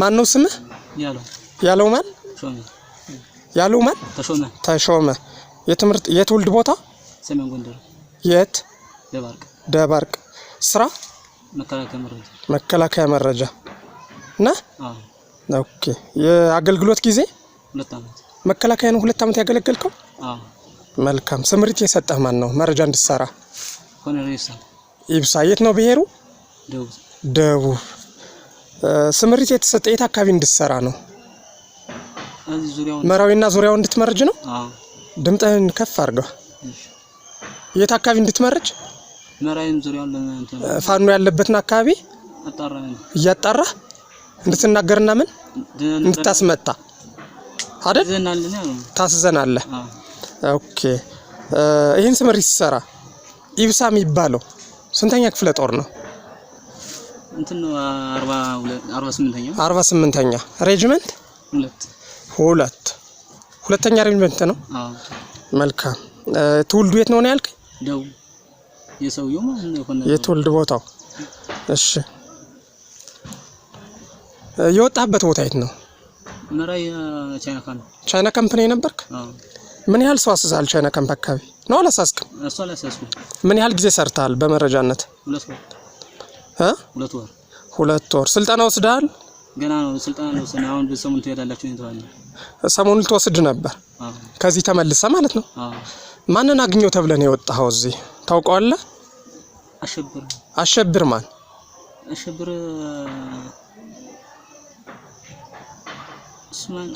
ማን ነው ስምህ? ያለው ማን? ያለው ማን? ተሾመ ተሾመ። የትምህርት የትውልድ ቦታ? ሰሜን ጎንደር። የት? ደባርቅ ደባርቅ። ስራ? መከላከያ መረጃ መከላከያ መረጃ እና ኦኬ። የአገልግሎት ጊዜ? ሁለት አመት መከላከያ ነው። ሁለት ዓመት ያገለገልከው? መልካም ስምሪት የሰጠህ ማን ነው? መረጃ እንድትሰራ ኢብሳ። የት ነው ብሄሩ? ደቡብ። ስምሪት የተሰጠ የት አካባቢ እንድትሰራ ነው? መራዊና ዙሪያው እንድትመረጅ ነው። ድምጥህን ከፍ አድርገው። የት አካባቢ እንድትመርጅ? ፋኖ ያለበትን አካባቢ እያጣራ እንድትናገርና ምን እንድታስመጣ አይደል? ታስዘናለህ ኦኬ ይህን ስምሪት ሲሰራ ኢብሳ የሚባለው ስንተኛ ክፍለ ጦር ነው? እንትን ነው ኛ ሬጅመንት ሁለት ሁለተኛ ሬጅመንት ነው። መልካም ትውልዱ የት ነው ነው ያልክ የትውልድ ቦታው እሺ። የወጣበት ቦታ የት ነው? ቻይና ካምፕ ነው የነበርክ? ምን ያህል ሰው አስሳል? ቻይና ከምፓካቢ አካባቢ ነው። አላሳስክም? ምን ያህል ጊዜ ሰርተሃል? በመረጃነት ሁለት ወር። ሁለት ወር ስልጠና ወስደሃል? ገና ነው። ስልጠና ነው ሰና አሁን ሰሞኑን ትሄዳላችሁ እንተዋለን። ሰሞኑን ልትወስድ ነበር ከዚህ ተመልሰ ማለት ነው። ማንን አግኘው ተብለን የወጣኸው እዚህ ታውቀዋለህ? አሸብር። አሸብር ማን? አሸብር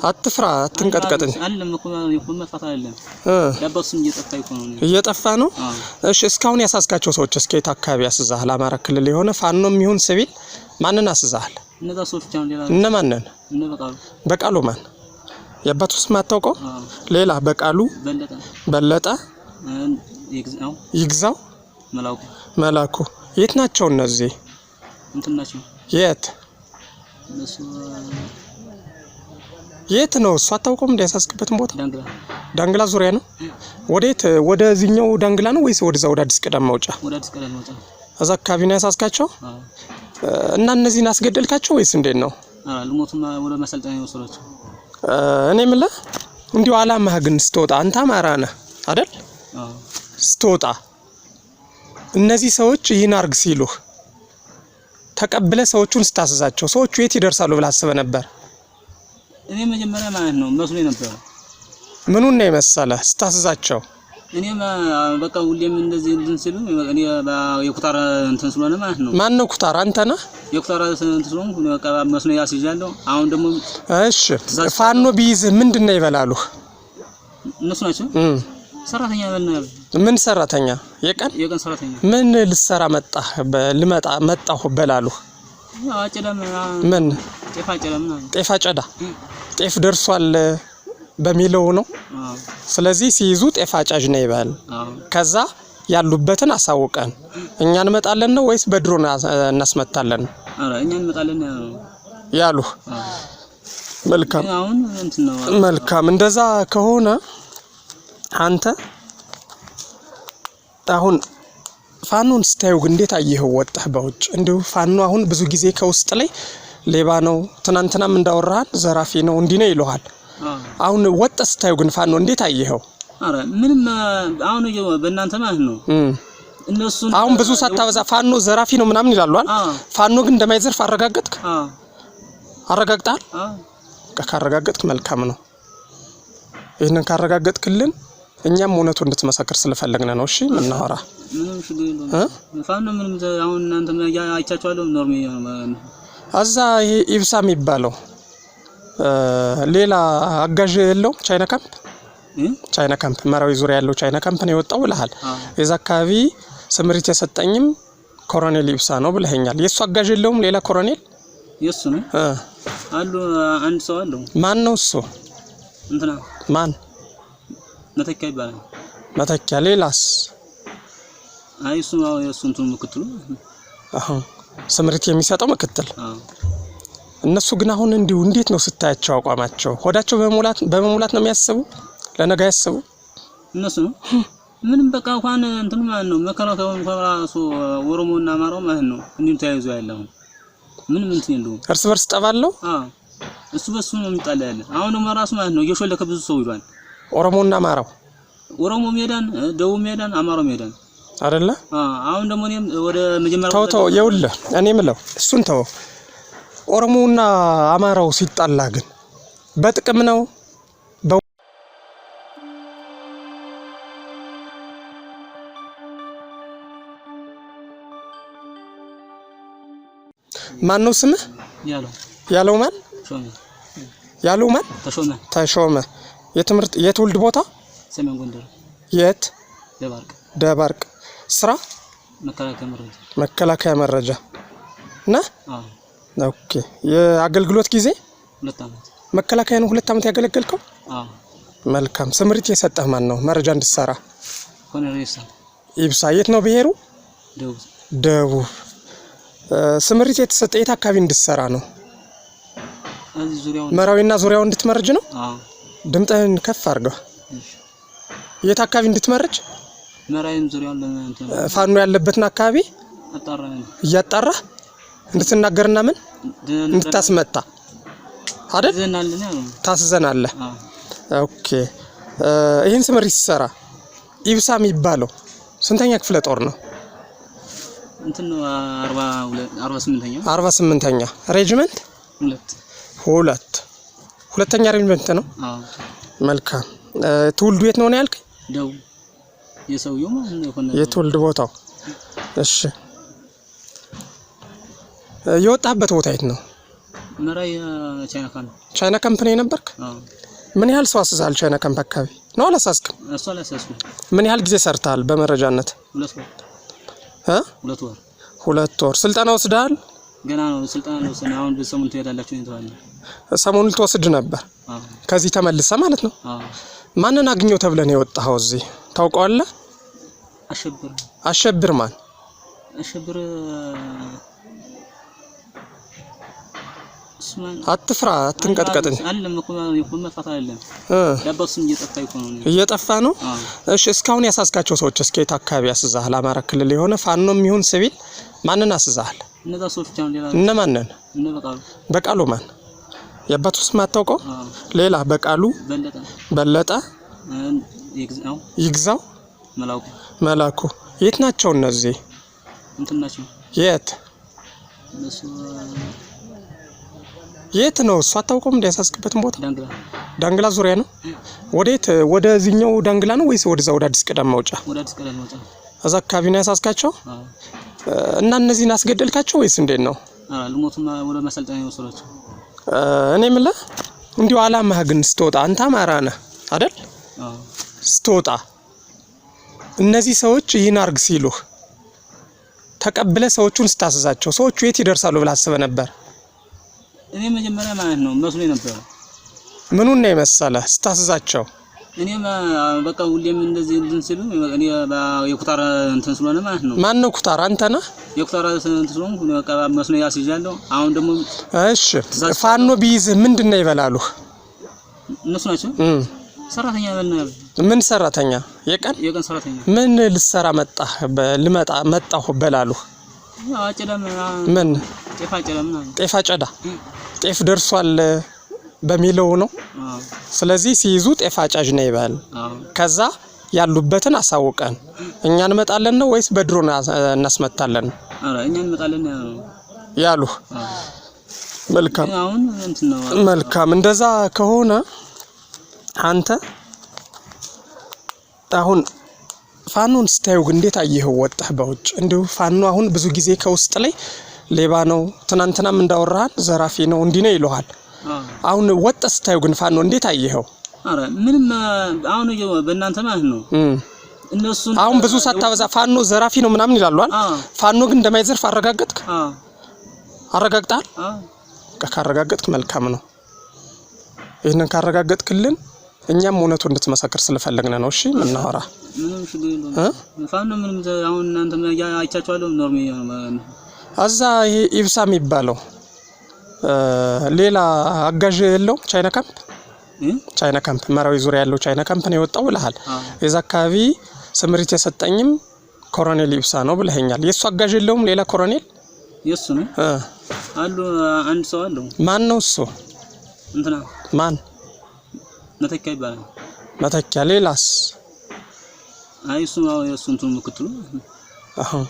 አትፍራ፣ አትንቀጥቀጥን። እየጠፋ ነው። እሺ፣ እስካሁን ያሳዝጋቸው ሰዎች እስከ የት አካባቢ ያስዛሃል? አማራ ክልል የሆነ ፋኖም ይሁን ሲቪል ማንን አስዛሃል? እነ በቃሉ ማን? የአባቱ ስም አታውቀው? ሌላ በቃሉ በለጠ፣ ይግዛው መላኩ፣ የት ናቸው እነዚህ? የት የት ነው እሱ? አታውቀውም? እንዳያሳስክበትን ቦታ ዳንግላ ዙሪያ ነው። ወዴት? ወደዚህኛው ዳንግላ ነው ወይስ ወደዛ ወደ አዲስ ቀዳም ማውጫ? እዛ አካባቢ ነው ያሳስካቸው እና እነዚህን አስገደልካቸው ወይስ እንዴት ነው? እኔ የምልህ እንዲሁ አላማህ ግን ስትወጣ አንተ አማራ ነህ አይደል? ስትወጣ እነዚህ ሰዎች ይህን አርግ ሲሉህ ተቀብለ ሰዎቹን ስታስዛቸው ሰዎቹ የት ይደርሳሉ ብለህ አስበህ ነበር? እኔ መጀመሪያ ማለት ነው መስሎ ነበረ። ምኑን ነው የመሰለ ስታስዛቸው እኔም በቃ ሁሌም እንደዚህ እንትን ሲሉ እኔ የኩታር እንትን ስለሆነ ማለት ነው። ማን ነው ኩታር? አንተ ነህ? የኩታር እንትን ስለሆነ በቃ መስኖ ያስይዛለሁ። አሁን ደግሞ እሺ፣ ፋኖ ቢይዝህ ምንድን ነው ይበላሉ? እነሱ ናቸው ሰራተኛ። ምን ሰራተኛ? የቀን የቀን ሰራተኛ። ምን ልሰራ መጣ? ልመጣ መጣሁ በላሉ። ምን ጤፍ አጨዳ ጤፍ ደርሷል በሚለው ነው። ስለዚህ ሲይዙ ጤፍ አጫዥ ነው ይባል። ከዛ ያሉበትን አሳውቀን እኛ እንመጣለን ነው ወይስ በድሮን እናስመታለን ነው? እኛ እንመጣለን ነው ያሉ። መልካም መልካም። እንደዛ ከሆነ አንተ አሁን ፋኖን ስታዩ እንዴት አየኸው? ወጣህ በውጭ እንዲሁ ፋኖ አሁን ብዙ ጊዜ ከውስጥ ላይ ሌባ ነው፣ ትናንትናም እንዳወራህን ዘራፊ ነው፣ እንዲህ ነው ይለዋል። አሁን ወጥ ስታዩ ግን ፋኖ እንዴት አየኸው? አረ ምንም አሁን በእናንተ ማለት ነው እነሱ አሁን ብዙ ሳታበዛ ፋኖ ዘራፊ ነው ምናምን ይላሉ አይደል? ፋኖ ግን እንደማይዘርፍ አረጋገጥክ? አረጋግጣል። ካረጋገጥክ መልካም ነው። ይህንን ካረጋገጥክልን እኛም እውነቱ እንድትመሰክር ስለፈለግነ ነው። እሺ ምናወራ ምንም ችግር የለውም። ፋኖ ምንም አሁን እናንተ አይቻችኋለሁ ኖርሜ እዛ ይሄ ኢብሳ የሚባለው ሌላ አጋዥ የለው ቻይና ካምፕ ቻይና ካምፕ መራዊ ዙሪያ ያለው ቻይና ካምፕ ነው የወጣው ብለሃል። የዛ አካባቢ ስምሪት የሰጠኝም ኮሎኔል ኢብሳ ነው ብለኸኛል። የእሱ አጋዥ የለውም ሌላ ኮሎኔል የሱ ነው አሉ። አንድ ሰው አለው። ማን ነው እሱ? እንትና ማን? መተኪያ ይባላል። መተኪያ ሌላስ? አይ እሱ ነው የሱ እንትን ምክትሉ አሁን ስምርት የሚሰጠው ምክትል። እነሱ ግን አሁን እንዲሁ እንዴት ነው ስታያቸው አቋማቸው? ሆዳቸው በመሙላት በመሙላት ነው የሚያስቡ፣ ለነገ ያስቡ እነሱ ነው ምንም በቃ እንኳን እንትኑ ማለት ነው መከራው ተወን ከራሱ ኦሮሞና አማራው ማለት ነው እንዲሁ ተያይዞ ያለው ምንም እንትን የለውም። እርስ በርስ ጠባለው። አዎ እሱ በሱ ነው የሚጣላ ያለ። አሁን ደግሞ ራሱ ማለት ነው እየሾለከ ብዙ ሰው ይሏል። ኦሮሞና አማራው ኦሮሞ ሜዳን፣ ደቡብ ሜዳን፣ አማራው ሜዳን አይደለ? አሁን ደግሞ እኔም ወደ መጀመሪያው ተው ተው፣ ይኸውልህ እኔ የምለው እሱን ተው። ኦሮሞውና አማራው ሲጣላ ግን በጥቅም ነው ማን ነው ስምህ? ያለው ያለው ማን? ያለው ማን? ተሾመ ተሾመ። የትምህርት የትውልድ ቦታ? ሰሜን ጎንደር። የት? ደባርቅ ደባርቅ። ስራ መከላከያ መረጃ እና ኦኬ። የአገልግሎት ጊዜ መከላከያ ነው። ሁለት ዓመት ያገለገልከው። መልካም። ስምሪት የሰጠህ ማን ነው? መረጃ እንድሰራ ኢብሳ። የት ነው ብሄሩ? ደቡብ። ስምሪት የተሰጠ የት አካባቢ እንድትሰራ ነው? መራዊና ዙሪያው እንድትመርጅ ነው። ድምጠህን ከፍ አድርገው። የት አካባቢ እንድትመርጅ ፋኖ ያለበትን አካባቢ እያጣራ እንድትናገርና ምን እንድታስመታ አይደል? ታስዘናለህ። ኦኬ። ይህን ስምሪት ሲሰራ ኢብሳ የሚባለው ስንተኛ ክፍለ ጦር ነው? አርባ ስምንተኛ ሬጅመንት ሁለት ሁለተኛ ሬጅመንት ነው። መልካም ትውልዱ የት ነው ያልክ? የሰውየው የትውልድ ቦታው። እሺ የወጣበት ቦታ የት ነው? ቻይና ካምፕ የነበርክ? ምን ያህል ሰው አስሳል? ቻይና ካምፕ አካባቢ ነው? አላሳስክም? ምን ያህል ጊዜ ሰርተሃል በመረጃነት? ሁለት ወር። ስልጠና ወስደሃል? ገና ነው ስልጠና ነው። ስና አሁን በሰሙን ትሄዳላችሁ እንተዋለን። ሰሞኑን ልትወስድ ነበር ከዚህ ተመልሰ ማለት ነው። ማንን አግኘው ተብለን የወጣኸው እዚህ? ታውቀዋለህ? አሸብር አሸብር ማን? አሸብር አትፍራ፣ አትንቀጥቀጥን። እየጠፋ ነው። እሺ፣ እስካሁን ያሳዝጋቸው ሰዎች እስከ የት አካባቢ ያስዛሃል? አማራ ክልል የሆነ ፋኖም ይሁን ሲቪል ማንን አስዛሃል? እነ ማንን? በቃሉ ማን? የአባቱ ስም አታውቀው? ሌላ በቃሉ በለጠ ይግዛው መላኩ የት ናቸው እነዚህ? የት የት ነው እሱ? አታውቀውም? ቦታ ዳንግላ ዙሪያ ነው። ወዴት? ወደዚህኛው ዳንግላ ነው ወይስ ወደዛ ወደ አዲስ ቀዳም ማውጫ? እዛ አካባቢ ነው ያሳስካቸው እና እነዚህን አስገደልካቸው ወይስ እንዴት ነው? እኔ የምልህ እንዲሁ አላማህ ግን ስትወጣ አንተ አማራ ነህ አይደል? ስትወጣ እነዚህ ሰዎች ይህን አርግ ሲሉህ ተቀብለ ሰዎቹን ስታስዛቸው ሰዎቹ የት ይደርሳሉ ብለህ አስበህ ነበር? እኔ መጀመሪያ ማለት ነው መስሎ ነበር። ምኑን ነው የመሰለ ስታስዛቸው? እኔ በቃ ሁሌም እንደዚህ እንትን ሲሉ እኔ የኩታር እንትን ስለሆነ ማለት ነው። ማን ነው ኩታር? አንተ ነህ? የኩታር እንትን ስለሆነ በቃ መስሎ ያስይዣለሁ። አሁን ደግሞ እሺ፣ ፋኖ ቢይዝህ ምንድን ነው ይበላሉህ? እነሱ ናቸው ሰራተኛ በልና ምን ሰራተኛ የቀን የቀን ሰራተኛ ምን ልሰራ መጣ ልመጣ መጣሁ በላሉ ምን ጤፍ አጨዳ ጤፍ ደርሷል በሚለው ነው። ስለዚህ ሲይዙ ጤፍ አጫጅ ነው ይባል። ከዛ ያሉበትን አሳውቀን እኛ እንመጣለን ነው ወይስ በድሮን እናስመታለን? ያሉ። መልካም መልካም። እንደዛ ከሆነ አንተ አሁን ፋኖን ስታዩ እንዴት አየኸው? ወጣህ በውጭ እንዲሁ ፋኖ አሁን ብዙ ጊዜ ከውስጥ ላይ ሌባ ነው፣ ትናንትናም እንዳወራህን ዘራፊ ነው እንዲህ ነው ይለሃል። አሁን ወጣ ስታየው ግን ፋኖ እንዴት አየኸው? አረ ምንም አሁን በእናንተ ማለት ነው እነሱ አሁን ብዙ ሳታበዛ ፋኖ ዘራፊ ነው ምናምን ይላሉ። ፋኖ ግን እንደማይዘርፍ አረጋገጥክ? አረጋግጣል? ካረጋገጥክ መልካም ነው። ይህንን ካረጋገጥክልን እኛም እውነቱ እንድትመሰክር ስለፈለግነ ነው። እሺ ምናወራ እዛ ይሄ ኢብሳ የሚባለው ሌላ አጋዥ የለውም። ቻይና ካምፕ ቻይና ካምፕ መራዊ ዙሪያ ያለው ቻይና ካምፕ ነው የወጣው ብለሃል። የዛ አካባቢ ስምሪት የሰጠኝም ኮሎኔል ኢብሳ ነው ብለኸኛል። የእሱ አጋዥ የለውም ሌላ ኮሎኔል የሱ ነው አሉ። አንድ ሰው አለው። ማን ነው እሱ? ማን መተኪያ ይባላል። መተኪያ ሌላስ? አይ እሱ ነው የሱንቱ ምክትሉ። አሁን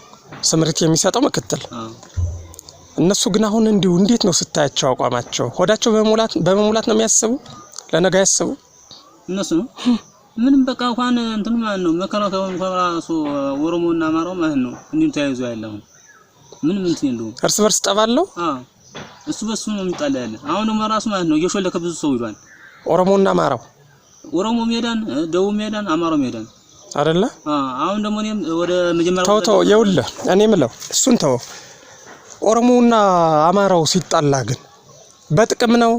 ስምርት የሚሰጠው ምክትል። እነሱ ግን አሁን እንዲሁ እንዴት ነው ስታያቸው አቋማቸው? ሆዳቸው በመሙላት በመሙላት ነው የሚያስቡ፣ ለነገ ያስቡ እነሱ ነው ምንም በቃ እንኳን እንትኑ ማለት ነው መከላከያው እንኳን ራሱ ኦሮሞና አማራው ማለት ነው እንዲሁ ተያይዞ ያለው ምንም እንትን የለውም። እርስ በርስ ጠባለው። አዎ እሱ በሱ ነው የሚጣላ ያለ። አሁን ደግሞ ራሱ ማለት ነው እየሾለከ ብዙ ሰው ይሏል። ኦሮሞና አማራው ኦሮሞ ሜዳን፣ ደቡብ ሜዳን፣ አማራው ሜዳን አይደለ? አሁን ደግሞ እኔም ወደ መጀመሪያው ተው ተው፣ ይኸውልህ እኔ የምለው እሱን ተው። ኦሮሞና አማራው ሲጣላ ግን በጥቅም ነው